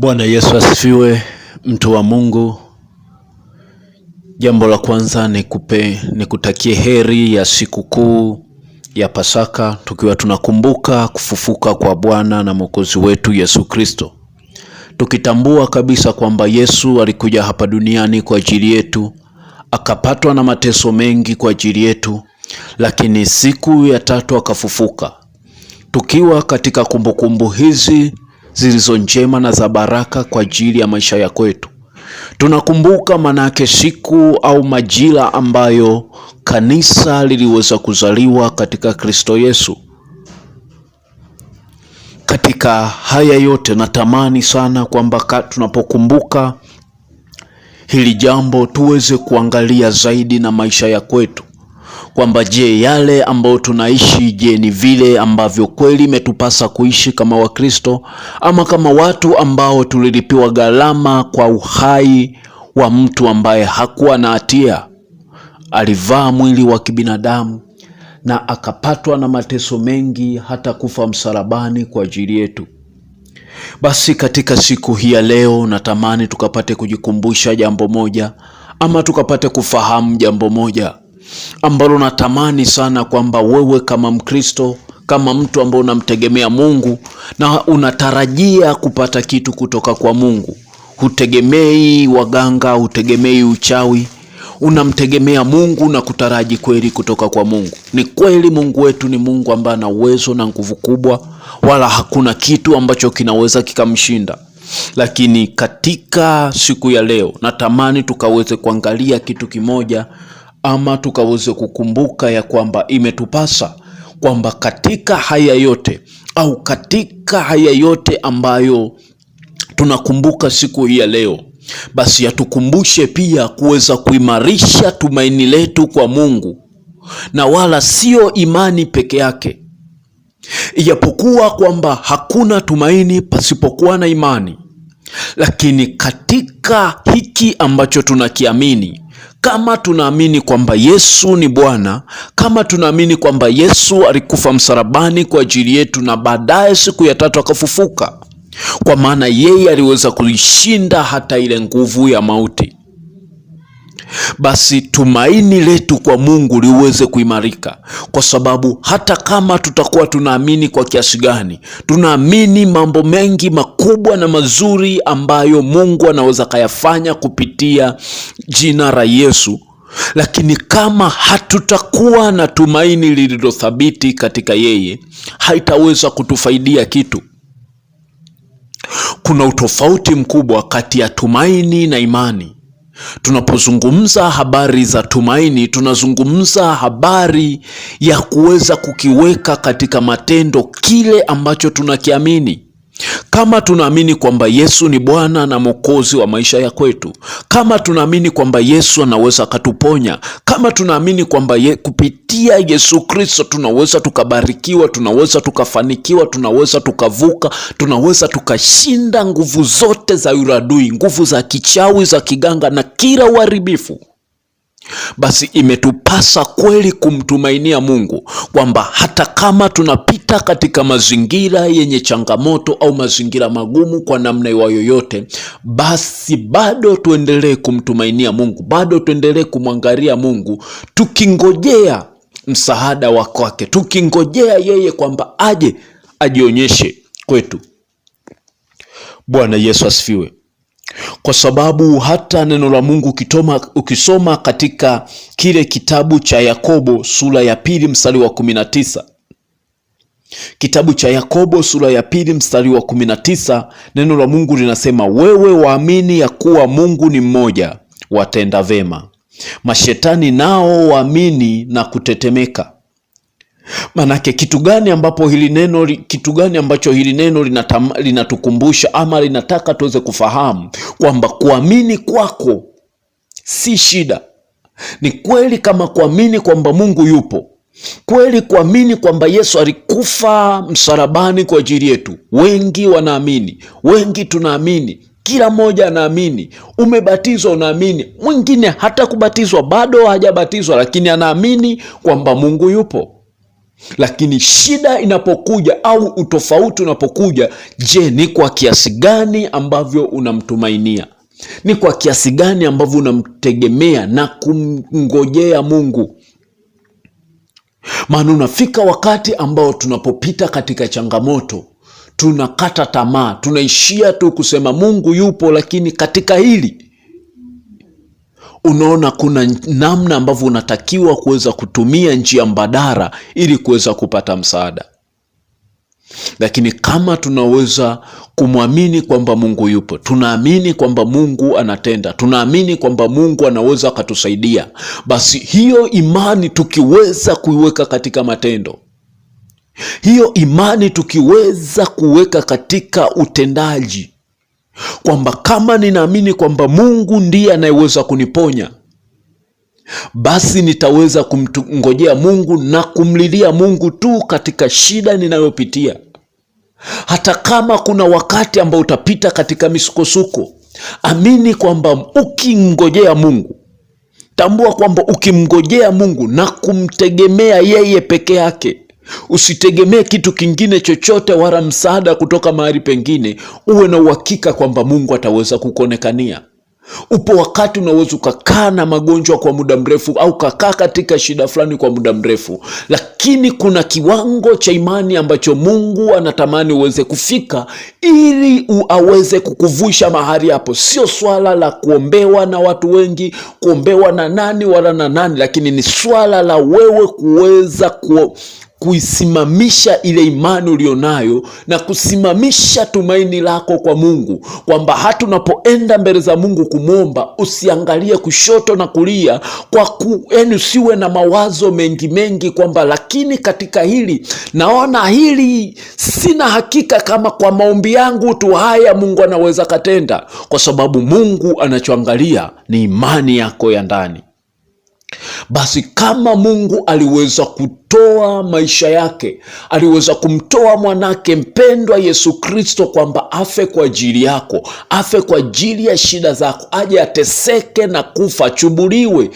Bwana Yesu asifiwe, mtu wa Mungu. Jambo la kwanza ni nikutakie heri ya sikukuu ya Pasaka, tukiwa tunakumbuka kufufuka kwa Bwana na Mwokozi wetu Yesu Kristo, tukitambua kabisa kwamba Yesu alikuja hapa duniani kwa ajili yetu, akapatwa na mateso mengi kwa ajili yetu, lakini siku ya tatu akafufuka. Tukiwa katika kumbukumbu kumbu hizi zilizo njema na za baraka kwa ajili ya maisha ya kwetu. Tunakumbuka manake siku au majira ambayo kanisa liliweza kuzaliwa katika Kristo Yesu. Katika haya yote natamani sana kwamba tunapokumbuka hili jambo tuweze kuangalia zaidi na maisha ya kwetu kwamba je, yale ambayo tunaishi, je, ni vile ambavyo kweli imetupasa kuishi kama Wakristo ama kama watu ambao tulilipiwa gharama kwa uhai wa mtu ambaye hakuwa na hatia, alivaa mwili wa kibinadamu na akapatwa na mateso mengi hata kufa msalabani kwa ajili yetu. Basi katika siku hii ya leo, natamani tukapate kujikumbusha jambo moja ama tukapate kufahamu jambo moja ambalo natamani sana kwamba wewe kama Mkristo, kama mtu ambaye unamtegemea Mungu na unatarajia kupata kitu kutoka kwa Mungu, hutegemei waganga, hutegemei uchawi, unamtegemea Mungu na kutaraji kweli kutoka kwa Mungu. Ni kweli Mungu wetu ni Mungu ambaye ana uwezo na nguvu kubwa, wala hakuna kitu ambacho kinaweza kikamshinda. Lakini katika siku ya leo natamani tukaweze kuangalia kitu kimoja ama tukaweze kukumbuka ya kwamba imetupasa kwamba katika haya yote au katika haya yote ambayo tunakumbuka siku hii ya leo, basi yatukumbushe pia kuweza kuimarisha tumaini letu kwa Mungu na wala sio imani peke yake, ijapokuwa kwamba hakuna tumaini pasipokuwa na imani, lakini katika hiki ambacho tunakiamini kama tunaamini kwamba Yesu ni Bwana, kama tunaamini kwamba Yesu alikufa msalabani kwa ajili yetu na baadaye siku ya tatu akafufuka, kwa maana yeye aliweza kulishinda hata ile nguvu ya mauti basi tumaini letu kwa Mungu liweze kuimarika, kwa sababu hata kama tutakuwa tunaamini kwa kiasi gani, tunaamini mambo mengi makubwa na mazuri ambayo Mungu anaweza kayafanya kupitia jina la Yesu, lakini kama hatutakuwa na tumaini lililothabiti katika yeye, haitaweza kutufaidia kitu. Kuna utofauti mkubwa kati ya tumaini na imani. Tunapozungumza habari za tumaini, tunazungumza habari ya kuweza kukiweka katika matendo kile ambacho tunakiamini. Kama tunaamini kwamba Yesu ni Bwana na Mwokozi wa maisha ya kwetu, kama tunaamini kwamba Yesu anaweza akatuponya, kama tunaamini kwamba ye, kupitia Yesu Kristo tunaweza tukabarikiwa, tunaweza tukafanikiwa, tunaweza tukavuka, tunaweza tukashinda nguvu zote za uradui, nguvu za kichawi, za kiganga na kila uharibifu basi imetupasa kweli kumtumainia Mungu kwamba hata kama tunapita katika mazingira yenye changamoto au mazingira magumu kwa namna iwa yoyote, basi bado tuendelee kumtumainia Mungu, bado tuendelee kumwangalia Mungu tukingojea msaada wa kwake, tukingojea yeye kwamba aje ajionyeshe kwetu. Bwana Yesu asifiwe kwa sababu hata neno la Mungu ukitoma, ukisoma katika kile kitabu cha Yakobo sura ya pili mstari wa kumi na tisa kitabu cha Yakobo sura ya pili mstari wa kumi na tisa neno la Mungu linasema, wewe waamini ya kuwa Mungu ni mmoja, watenda vema; mashetani nao waamini na kutetemeka. Manake kitu gani ambapo hili neno, kitu gani ambacho hili neno linatukumbusha ama linataka tuweze kufahamu kwamba kuamini kwako si shida. Ni kweli kama kuamini kwamba Mungu yupo kweli, kuamini kwamba Yesu alikufa msalabani kwa ajili yetu. Wengi wanaamini, wengi tunaamini kila mmoja anaamini. Umebatizwa, unaamini. Mwingine hata kubatizwa bado hajabatizwa, lakini anaamini kwamba Mungu yupo. Lakini shida inapokuja au utofauti unapokuja, je, ni kwa kiasi gani ambavyo unamtumainia? Ni kwa kiasi gani ambavyo unamtegemea na kumngojea Mungu? Maana unafika wakati ambao tunapopita katika changamoto tunakata tamaa, tunaishia tu kusema Mungu yupo, lakini katika hili unaona kuna namna ambavyo unatakiwa kuweza kutumia njia mbadala ili kuweza kupata msaada. Lakini kama tunaweza kumwamini kwamba Mungu yupo, tunaamini kwamba Mungu anatenda, tunaamini kwamba Mungu anaweza akatusaidia, basi hiyo imani tukiweza kuiweka katika matendo, hiyo imani tukiweza kuweka katika utendaji kwamba kama ninaamini kwamba Mungu ndiye anayeweza kuniponya, basi nitaweza kumngojea Mungu na kumlilia Mungu tu katika shida ninayopitia, hata kama kuna wakati ambao utapita katika misukosuko. Amini kwamba ukimngojea Mungu, tambua kwamba ukimngojea Mungu na kumtegemea yeye peke yake Usitegemee kitu kingine chochote wala msaada kutoka mahali pengine. Uwe na uhakika kwamba Mungu ataweza kukuonekania. Upo wakati unaweza ukakaa na magonjwa kwa muda mrefu, au ukakaa katika shida fulani kwa muda mrefu, lakini kuna kiwango cha imani ambacho Mungu anatamani uweze kufika ili aweze kukuvusha mahali hapo. Sio swala la kuombewa na watu wengi, kuombewa na nani wala na nani, lakini ni swala la wewe kuweza ku kuisimamisha ile imani ulionayo na kusimamisha tumaini lako kwa Mungu, kwamba hata unapoenda mbele za Mungu kumwomba, usiangalie kushoto na kulia, kwa kueni, yaani usiwe na mawazo mengi mengi, kwamba lakini katika hili naona hili sina hakika kama kwa maombi yangu tu haya Mungu anaweza katenda, kwa sababu Mungu anachoangalia ni imani yako ya ndani. Basi kama Mungu aliweza kutoa maisha yake, aliweza kumtoa mwanake mpendwa Yesu Kristo kwamba afe kwa ajili yako, afe kwa ajili ya shida zako, aje ateseke na kufa, achubuliwe,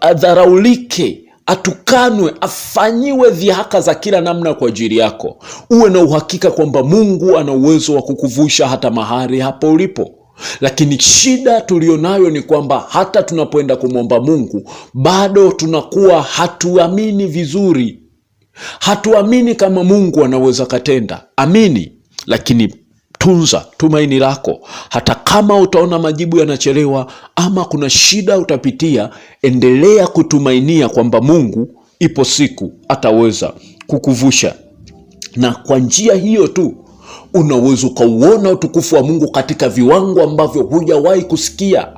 adharaulike atukanwe afanyiwe dhihaka za kila namna kwa ajili yako. Uwe na uhakika kwamba Mungu ana uwezo wa kukuvusha hata mahali hapo ulipo. Lakini shida tuliyonayo ni kwamba hata tunapoenda kumwomba Mungu bado tunakuwa hatuamini vizuri, hatuamini kama Mungu anaweza katenda. Amini, lakini tunza tumaini lako, hata kama utaona majibu yanachelewa ama kuna shida utapitia, endelea kutumainia kwamba Mungu ipo siku ataweza kukuvusha, na kwa njia hiyo tu unaweza ukauona utukufu wa Mungu katika viwango ambavyo hujawahi kusikia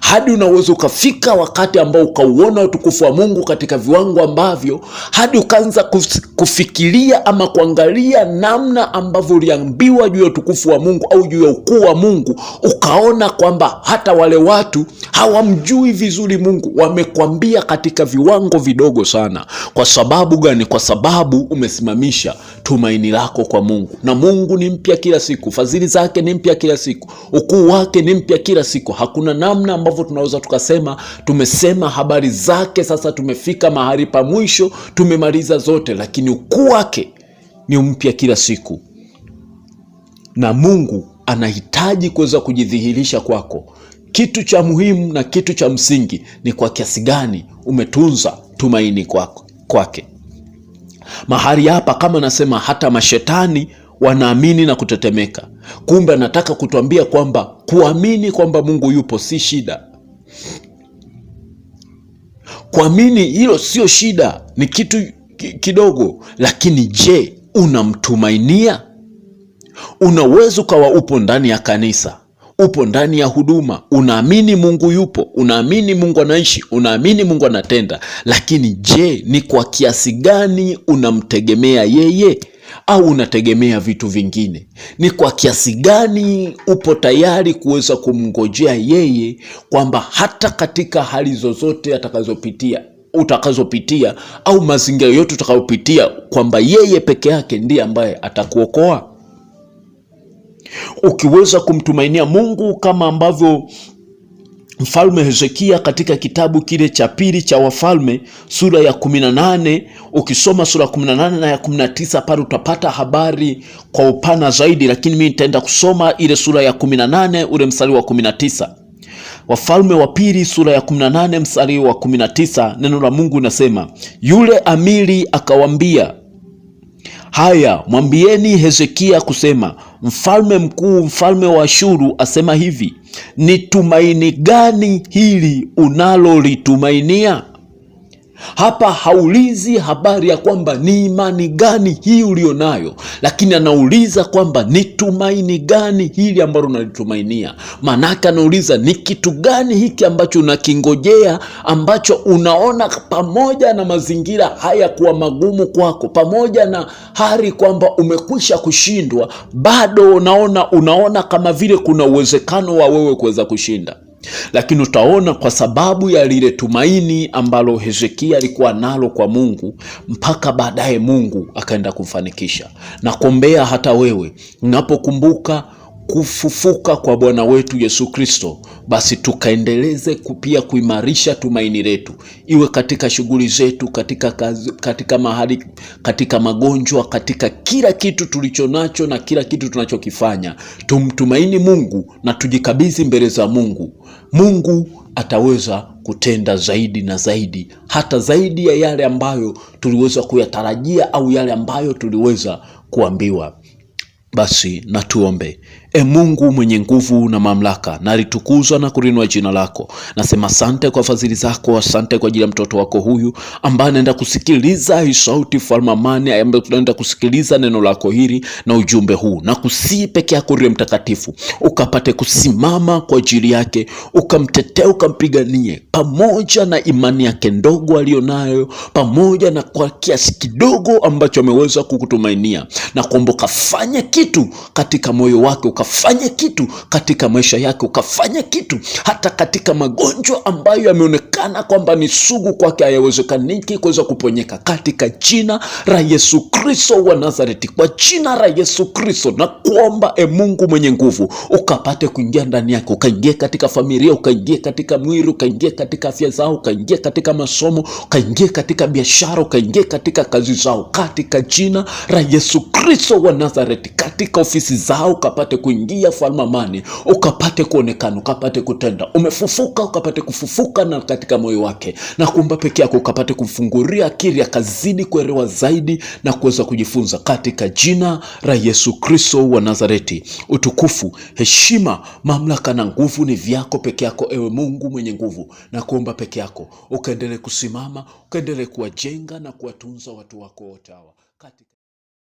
hadi unaweza ukafika wakati ambao ukauona utukufu wa Mungu katika viwango ambavyo hadi ukaanza kufikiria ama kuangalia namna ambavyo uliambiwa juu ya utukufu wa Mungu au juu ya ukuu wa Mungu, ukaona kwamba hata wale watu hawamjui vizuri Mungu, wamekwambia katika viwango vidogo sana. Kwa sababu gani? Kwa sababu umesimamisha tumaini lako kwa Mungu. Na Mungu ni mpya kila siku, fadhili zake ni mpya kila siku, ukuu wake ni mpya kila siku. Hakuna namna namna ambavyo tunaweza tukasema tumesema habari zake, sasa tumefika mahali pa mwisho, tumemaliza zote, lakini ukuu wake ni mpya kila siku, na Mungu anahitaji kuweza kujidhihirisha kwako. Kitu cha muhimu na kitu cha msingi ni kwa kiasi gani umetunza tumaini kwake. Mahali hapa kama nasema hata mashetani wanaamini na kutetemeka. Kumbe anataka kutuambia kwamba kuamini kwamba Mungu yupo si shida. Kuamini hilo sio shida, ni kitu kidogo. Lakini je, unamtumainia? Unaweza ukawa upo ndani ya kanisa, upo ndani ya huduma, unaamini Mungu yupo, unaamini Mungu anaishi, unaamini Mungu anatenda, lakini je, ni kwa kiasi gani unamtegemea yeye? au unategemea vitu vingine? Ni kwa kiasi gani upo tayari kuweza kumngojea yeye kwamba hata katika hali zozote atakazopitia utakazopitia au mazingira yote utakayopitia, kwamba yeye peke yake ndiye ambaye atakuokoa. Ukiweza kumtumainia Mungu kama ambavyo Mfalme Hezekia katika kitabu kile cha pili cha Wafalme sura ya 18, ukisoma sura ya 18 na ya 19 pale utapata habari kwa upana zaidi, lakini mimi nitaenda kusoma ile sura ya 18 ule mstari wa 19. Wafalme wa pili sura ya 18 mstari wa 19, neno la Mungu nasema, yule amiri akawambia, haya mwambieni Hezekia kusema mfalme mkuu, mfalme wa shuru asema hivi, ni tumaini gani hili unalolitumainia? Hapa haulizi habari ya kwamba ni imani gani hii ulio nayo lakini anauliza kwamba ni tumaini gani hili ambalo unalitumainia. Maanake anauliza ni kitu gani hiki ambacho unakingojea, ambacho unaona pamoja na mazingira haya kuwa magumu kwako, pamoja na hali kwamba umekwisha kushindwa, bado unaona unaona kama vile kuna uwezekano wa wewe kuweza kushinda. Lakini utaona kwa sababu ya lile tumaini ambalo Hezekia alikuwa nalo kwa Mungu, mpaka baadaye Mungu akaenda kumfanikisha. Nakuombea hata wewe unapokumbuka kufufuka kwa Bwana wetu Yesu Kristo, basi tukaendeleze pia kuimarisha tumaini letu, iwe katika shughuli zetu, katika kazi, katika mahali, katika magonjwa, katika kila kitu tulicho nacho na kila kitu tunachokifanya. Tumtumaini Mungu na tujikabidhi mbele za Mungu. Mungu ataweza kutenda zaidi na zaidi, hata zaidi ya yale ambayo tuliweza kuyatarajia au yale ambayo tuliweza kuambiwa. Basi na tuombe. E Mungu mwenye nguvu na mamlaka, na na kurinua jina lako. Nasema asante kwa fadhili zako, asante kwa ajili ya mtoto wako huyu ambaye anaenda kusikiliza hii sauti, Mfalme amani, ambaye tunaenda kusikiliza neno lako hili na ujumbe huu, na kusii peke yako Roho Mtakatifu ukapate kusimama kwa ajili yake, ukamtetea ukampiganie pamoja na imani yake ndogo aliyonayo, pamoja na kwa kiasi kidogo ambacho ameweza kukutumainia, na kuomba ukafanye kitu katika moyo wake ukafanye kitu katika maisha yake, ukafanye kitu hata katika magonjwa ambayo yameonekana kwamba ni sugu kwake, hayawezekaniki kuweza kuponyeka, katika jina la Yesu Kristo wa Nazareti, kwa jina la Yesu Kristo na kuomba e Mungu mwenye nguvu, ukapate kuingia ndani yake, ukaingia katika familia, ukaingia katika mwili, ukaingia katika afya zao, ukaingia katika masomo, ukaingia katika biashara, ukaingia katika kazi zao, katika jina la Yesu Kristo wa Nazareti, katika ofisi zao ukapate kuingia falma mani ukapate kuonekana, ukapate kutenda. Umefufuka, ukapate kufufuka na katika moyo wake na kumba peke yako, ukapate kumfunguria akili akazidi kuelewa zaidi na kuweza kujifunza, katika jina la Yesu Kristo wa Nazareti. Utukufu, heshima, mamlaka na nguvu ni vyako peke yako, ewe Mungu mwenye nguvu, na kuomba peke yako ukaendelee kusimama, ukaendelee kuwajenga na kuwatunza watu wako wote hawa katika